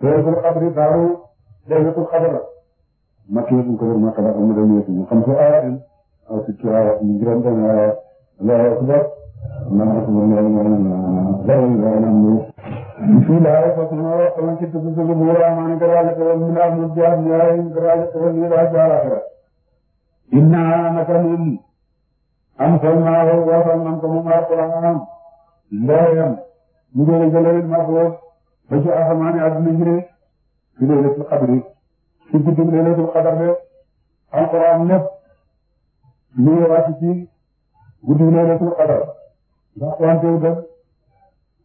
léegi lu xabri daaru laylatul xadar la. makki bu ko wër makka ba am na ñu ñu xam si aaya in aw si ci aaya ñu juróom benn aaya laa akbar man akbar la ilaha illa allah bismillah fasma wa qalan ci tuddu sulu bu rahman garala ko min amul jaar ñaay garala ko ni la jaara inna nakanum am salma wa wa sallam ko mu ma qur'an ndayam mu gele gele ma ko ba ci asamaani adduna ji de fi laylatul qadri ci guddum laylatul qadar de alquran lépp mu ngi wàcc ci guddum laylatul qadar ndax wante da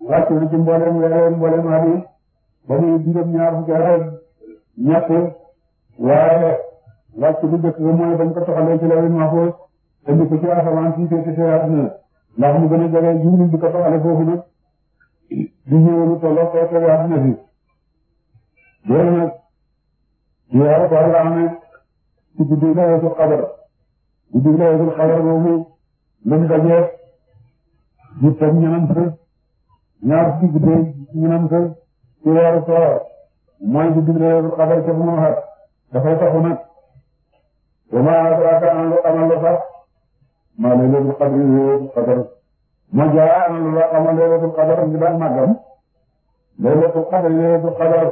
wàcc na ci mboolem weer mboolem at yi ba muy juróom ñaar fukki at ñett waaye wàcc ko toxalee ci lawil ci asamaan si te ci adduna ndax mu gën a jege jiw bi ko toxalee foofu nag di ñëwlu tolloo ko ko adduna bi loolu nag ci weeru koor la amee ci guddi laylatul qadr guddi laylatul qadr boobu lañ daje di teg ñanam fës ñaar ci guddi ñanam fës ci weeru koor mooy guddi laylatul qadr ca bu mu xat dafay taxu nag wa ma adraka lu amal lu sax ma laylatul ma jaay am na lu wax am na laylatul qadar ñu daan màggam laylatul qadar laylatul qadar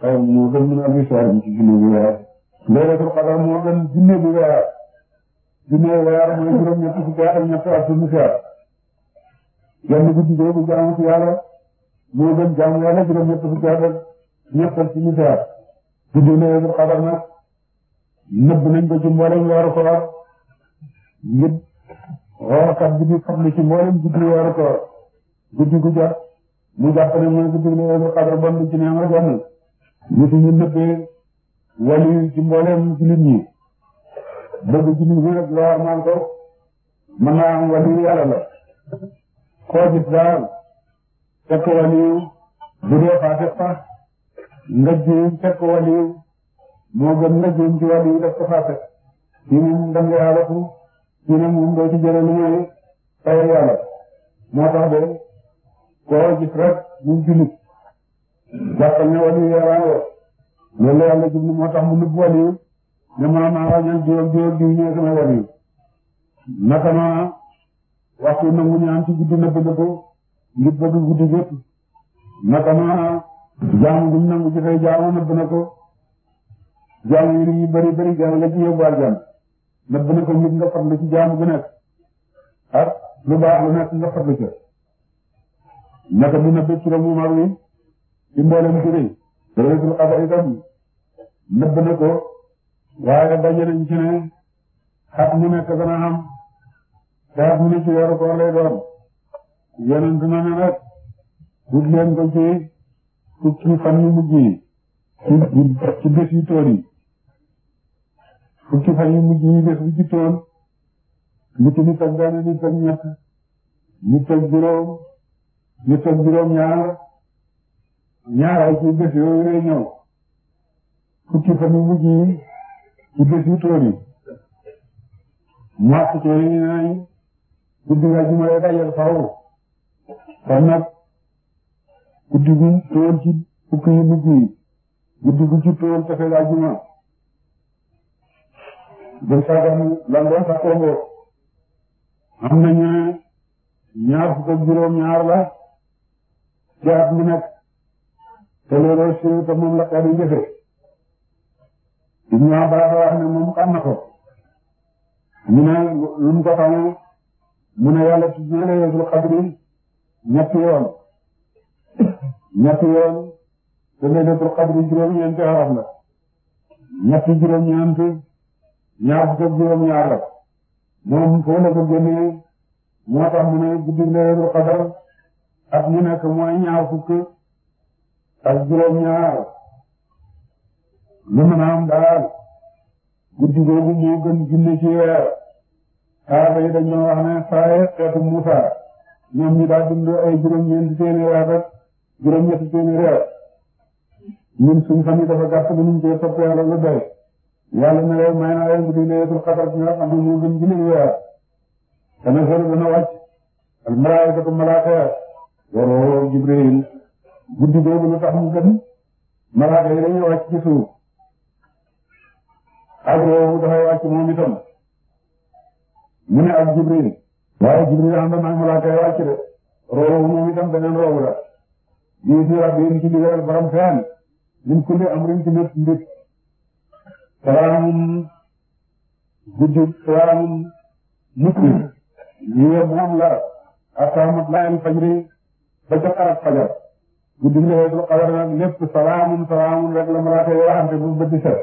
xëy moo gën ñu am histoire bi ci junne bu weer laylatul qadar moo gën junne bu weer junne weer mooy juróom-ñetti fukki at ak ñett ak suñu seet yenn guddi boobu jaamu ci yàlla moo gën jaamu yàlla juróom-ñetti fukki at ak ñett ak suñu seet guddi laylatul qadar nag nëbb nañ ko ci mboolem weeru koor woorkat bi di farlu ci mboolem guddi weeru koor guddi gu jot mu jàpp ne mooy guddi Laylatul Qadr bon bi ci neex la jot ñu fi ñu nëbbee wali ci mboolem jullit ñi bëgg jullit ñi rek lool man ko mën naa am wali yàlla la koo gis daal fekk wali bu dee faatex sax nga jiw fekk wali moo gën nga jiw ci wali def ko faatex ci moom da nga yàlla ci ne moom doo ci jëlee lu muy fayal moo tax de koo gis rek muy jullit jàppal ne wàllu yàlla woo loolu la yàlla jublu moo tax mu nëbb wàllu ne maanaam maa ngi jiw ak jiw ak jiw ñëw sama wàllu naka ma waxtu nangu ñaan ci guddi nëbb nëbb ngir bëgg guddi gépp naka ma jaamu guñ nangu ci fay jaamu nëbb na ko jaamu yi dañuy bëri bëri jaamu la ci yóbbu àjjana nëbb na ko nit nga farlu ci jaamu bu nekk ak ah lu baax lu nekk nga farlu ca naka bi nëbb turam wu mag wi ci mboolem turi dalatul xaba itam nëbb na ci ne xat mu nekk dana am lay doon yonent na ne nag leen ko ci fukki fan yu mujj yi ci ci bés yi tóor yi fukki fan yu mujj yi def li ci toon nit ñi teg benn nit teg ñett nit teg juróom nit teg juróom ñaar ñaar ay ci bés yooyu lay ñëw fukki fan yu mujj yi ci bés yu toon yi màcc toon yi nee nañ guddi juma lay dajal faaw kon nag guddi gu toon ci toon te fekk juma bu sàggan sa kongo am nañu ñaar fukk ak juróom ñaar la ci at mu nekk te loolu si te moom la ko di jëfe Ibnu Abbaas wax ne moom xam na ko ñu lu mu ko xamee mu ne yàlla tudd na laylatul xadri ñetti yoon ñetti yoon te laylatul xadri juróom-ñeenti arab la ñetti juróom-ñeenti ñaar fukk juróom ñaar la moom foo la ko génnee moo tax mu ne guddi laylatul qadr ak mu nekk mooy ñaar fukk ak juróom ñaar lu mën a daal guddi googu moo gën junne ci weer saaba yi dañoo wax ne saaye xeetu Muusa ñoom ñu daa dund ay juróom-ñeenti téeméeri at ak ñun suñu xam yi dafa gàtt ba ñu cee soppeeku lu doy yàlla na leen may naa leen bu dee laylatul qadr bi nga xam ne moo gën gën a weer tanazzalu dana wàcc al ya waroo Jibril guddi googu lu tax mu gën malaaka yi dañuy wàcc ci suuf ak roobu dafay wàcc moom itam mu ne ak Jibril waaye Jibril ànd na ak malaaka yi wàcc de roobu moom itam beneen roobu la. yéen si rabbi yéen ci digal borom feen min kulli amrin ci mbir yaramum guddi yaramum nit ñi ñu ngi moom la ak saamut laayam fajri ba ca xarab fajar guddi léegi lu xabar nag lépp salaamun salaamun rek la malaaka yi waxante bu bët di set